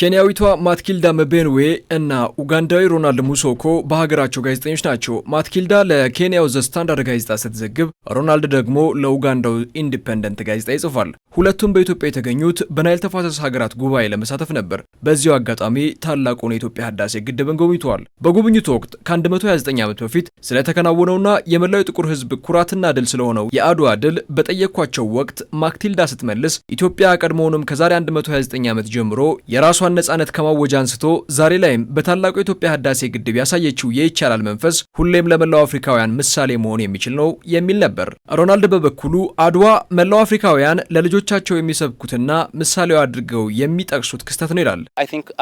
ኬንያዊቷ ማትኪልዳ መቤንዌ እና ኡጋንዳዊ ሮናልድ ሙሶኮ በሀገራቸው ጋዜጠኞች ናቸው። ማትኪልዳ ለኬንያው ዘ ስታንዳርድ ጋዜጣ ስትዘግብ፣ ሮናልድ ደግሞ ለኡጋንዳው ኢንዲፐንደንት ጋዜጣ ይጽፋል። ሁለቱም በኢትዮጵያ የተገኙት በናይል ተፋሰስ ሀገራት ጉባኤ ለመሳተፍ ነበር። በዚሁ አጋጣሚ ታላቁን የኢትዮጵያ ህዳሴ ግድብን ጎብኝተዋል። በጉብኝቱ ወቅት ከ129 ዓመት በፊት ስለተከናወነውና የመላው ጥቁር ህዝብ ኩራትና ድል ስለሆነው የአድዋ ድል በጠየኳቸው ወቅት ማክቲልዳ ስትመልስ ኢትዮጵያ ቀድሞውንም ከዛሬ 129 ዓመት ጀምሮ የራሷ የራሷን ነጻነት ከማወጃ አንስቶ ዛሬ ላይም በታላቁ የኢትዮጵያ ህዳሴ ግድብ ያሳየችው የይቻላል መንፈስ ሁሌም ለመላው አፍሪካውያን ምሳሌ መሆን የሚችል ነው የሚል ነበር። ሮናልድ በበኩሉ አድዋ መላው አፍሪካውያን ለልጆቻቸው የሚሰብኩትና ምሳሌው አድርገው የሚጠቅሱት ክስተት ነው ይላል።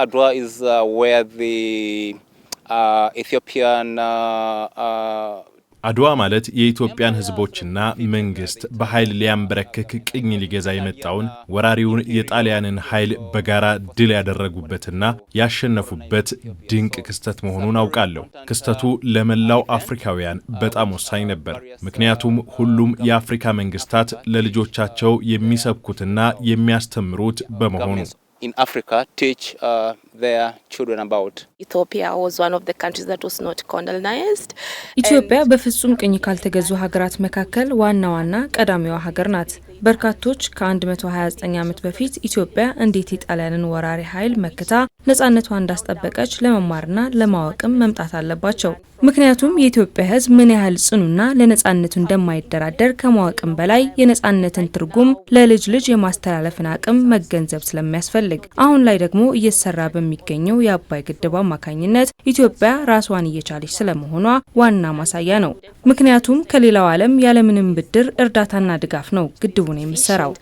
አድዋ አድዋ ማለት የኢትዮጵያን ህዝቦችና መንግስት በኃይል ሊያንበረክክ ቅኝ ሊገዛ የመጣውን ወራሪውን የጣሊያንን ኃይል በጋራ ድል ያደረጉበትና ያሸነፉበት ድንቅ ክስተት መሆኑን አውቃለሁ። ክስተቱ ለመላው አፍሪካውያን በጣም ወሳኝ ነበር። ምክንያቱም ሁሉም የአፍሪካ መንግስታት ለልጆቻቸው የሚሰብኩትና የሚያስተምሩት በመሆኑ ኢትዮጵያ በፍጹም ቅኝ ካልተገዙ ሀገራት መካከል ዋና ዋና ቀዳሚዋ ሀገር ናት። በርካቶች ከ129 ዓመት በፊት ኢትዮጵያ እንዴት የጣሊያንን ወራሪ ኃይል መክታ ነፃነቷ እንዳስጠበቀች ለመማርና ለማወቅም መምጣት አለባቸው። ምክንያቱም የኢትዮጵያ ሕዝብ ምን ያህል ጽኑና ለነፃነቱ እንደማይደራደር ከማወቅም በላይ የነፃነትን ትርጉም ለልጅ ልጅ የማስተላለፍን አቅም መገንዘብ ስለሚያስፈልግ አሁን ላይ ደግሞ እየተሰራ በሚገኘው የአባይ ግድብ አማካኝነት ኢትዮጵያ ራሷን እየቻለች ስለመሆኗ ዋና ማሳያ ነው። ምክንያቱም ከሌላው ዓለም ያለምንም ብድር እርዳታና ድጋፍ ነው ግድቡን የምሰራው።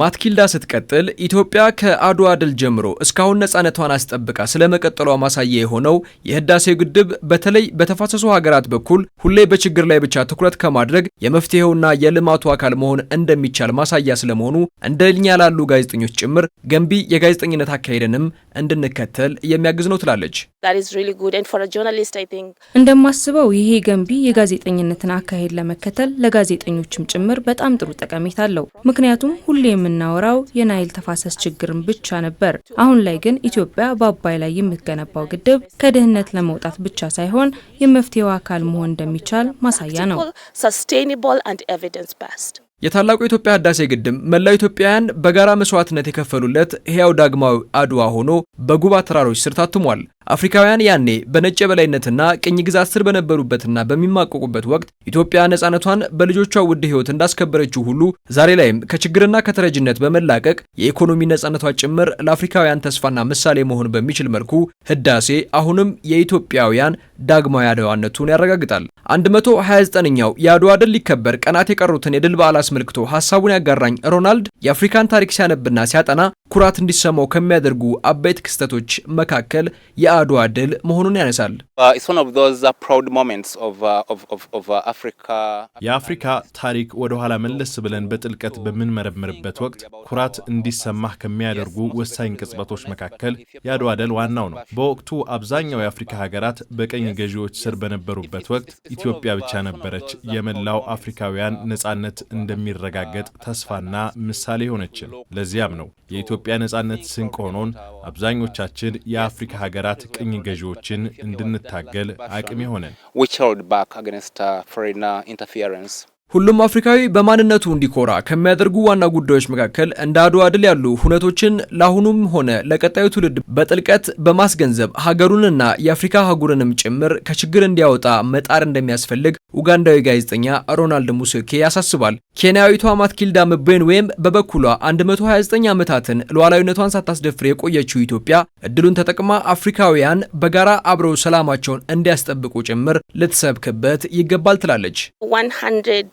ማትኪልዳ ስትቀጥል ኢትዮጵያ ከአድዋ ድል ጀምሮ እስካሁን ነጻነቷን አስጠብቃ ስለመቀጠሏ ማሳያ የሆነው የህዳሴው ግድብ በተለይ በተፋሰሱ ሀገራት በኩል ሁሌ በችግር ላይ ብቻ ትኩረት ከማድረግ የመፍትሄውና የልማቱ አካል መሆን እንደሚቻል ማሳያ ስለመሆኑ እንደኛ ላሉ ጋዜጠኞች ጭምር ገንቢ የጋዜጠኝነት አካሄድንም እንድንከተል የሚያግዝ ነው ትላለች። እንደማስበው ይሄ ገንቢ የጋዜጠኝነትን አካሄድ ለመከተል ለጋዜጠኞችም ጭምር በጣም ጥሩ ጠቀሜታ አለው። ምክንያቱም ሁሌ የምናወራው የናይል ተፋሰስ ችግርን ብቻ ነበር። አሁን ላይ ግን ኢትዮጵያ በአባይ ላይ የምትገነባው ግድብ ከድህነት ለመውጣት ብቻ ሳይሆን የመፍትሄው አካል መሆን እንደሚቻል ማሳያ ነው። የታላቁ የኢትዮጵያ ህዳሴ ግድብ መላው ኢትዮጵያውያን በጋራ መስዋዕትነት የከፈሉለት ሕያው ዳግማዊ አድዋ ሆኖ በጉባ ተራሮች ስር ታትሟል። አፍሪካውያን ያኔ በነጭ የበላይነትና ቅኝ ግዛት ስር በነበሩበትና በሚማቀቁበት ወቅት ኢትዮጵያ ነፃነቷን በልጆቿ ውድ ሕይወት እንዳስከበረችው ሁሉ ዛሬ ላይም ከችግርና ከተረጅነት በመላቀቅ የኢኮኖሚ ነፃነቷ ጭምር ለአፍሪካውያን ተስፋና ምሳሌ መሆን በሚችል መልኩ ህዳሴ አሁንም የኢትዮጵያውያን ዳግማዊ አድዋነቱን ያረጋግጣል። 129ኛው የአድዋ ድል ሊከበር ቀናት የቀሩትን የድል በዓል አስመልክቶ ሀሳቡን ያጋራኝ ሮናልድ የአፍሪካን ታሪክ ሲያነብና ሲያጠና ኩራት እንዲሰማው ከሚያደርጉ አበይት ክስተቶች መካከል የአድዋ ድል መሆኑን ያነሳል። uh, uh, uh, የአፍሪካ ታሪክ ወደ ኋላ መለስ ብለን በጥልቀት በምንመረምርበት ወቅት ኩራት እንዲሰማህ ከሚያደርጉ ወሳኝ ቅጽበቶች መካከል የአድዋ ድል ዋናው ነው። በወቅቱ አብዛኛው የአፍሪካ ሀገራት በቀኝ ገዢዎች ስር በነበሩበት ወቅት ኢትዮጵያ ብቻ ነበረች የመላው አፍሪካውያን ነጻነት እንደሚረጋገጥ ተስፋና ምሳሌ የሆነችን ለዚያም ነው የኢትዮጵያ ነጻነት ስንቅ ሆኖን አብዛኞቻችን የአፍሪካ ሀገራት ቅኝ ገዢዎችን እንድንታገል አቅም የሆነን ሁሉም አፍሪካዊ በማንነቱ እንዲኮራ ከሚያደርጉ ዋና ጉዳዮች መካከል እንደ አድዋ ድል ያሉ ሁነቶችን ለአሁኑም ሆነ ለቀጣዩ ትውልድ በጥልቀት በማስገንዘብ ሀገሩንና የአፍሪካ አህጉርንም ጭምር ከችግር እንዲያወጣ መጣር እንደሚያስፈልግ ኡጋንዳዊ ጋዜጠኛ ሮናልድ ሙሴኬ ያሳስባል። ኬንያዊቷ ማትኪልዳ ወይም በበኩሏ 129 ዓመታትን ሉዓላዊነቷን ሳታስደፍር የቆየችው ኢትዮጵያ እድሉን ተጠቅማ አፍሪካውያን በጋራ አብረው ሰላማቸውን እንዲያስጠብቁ ጭምር ልትሰብክበት ይገባል ትላለች።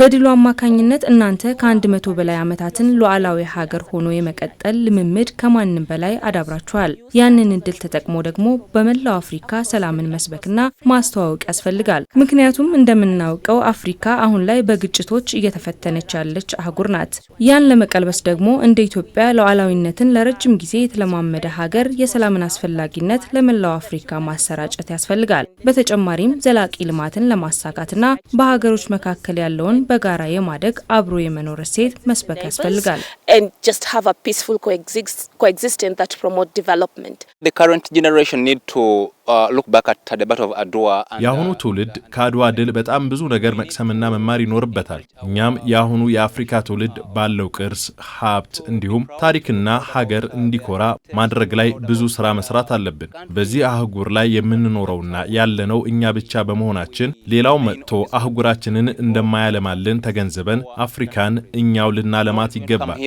በድሉ አማካኝነት እናንተ ከአንድ መቶ በላይ ዓመታትን ሉዓላዊ ሀገር ሆኖ የመቀጠል ልምምድ ከማንም በላይ አዳብራችኋል። ያንን እድል ተጠቅሞ ደግሞ በመላው አፍሪካ ሰላምን መስበክና ማስተዋወቅ ያስፈልጋል። ምክንያቱም እንደምናውቀው አፍሪካ አሁን ላይ በግጭቶች እየተፈተነች ያለች አህጉር ናት። ያን ለመቀልበስ ደግሞ እንደ ኢትዮጵያ ሉዓላዊነትን ለረጅም ጊዜ የተለማመደ ሀገር የሰላምን አስፈላጊነት ለመላው አፍሪካ ማሰራጨት ያስፈልጋል። በተጨማሪም ዘላቂ ልማትን ለማሳካትና በሀገሮች መካከል ያለውን በጋራ የማደግ አብሮ የመኖር እሴት መስበክ ያስፈልጋል። The current generation need to Uh, የአሁኑ uh, ትውልድ ከአድዋ ድል በጣም ብዙ ነገር መቅሰምና መማር ይኖርበታል። እኛም የአሁኑ የአፍሪካ ትውልድ ባለው ቅርስ፣ ሀብት እንዲሁም ታሪክና ሀገር እንዲኮራ ማድረግ ላይ ብዙ ስራ መስራት አለብን። በዚህ አህጉር ላይ የምንኖረውና ያለነው እኛ ብቻ በመሆናችን ሌላው መጥቶ አህጉራችንን እንደማያለማልን ተገንዝበን አፍሪካን እኛው ልናለማት ይገባል።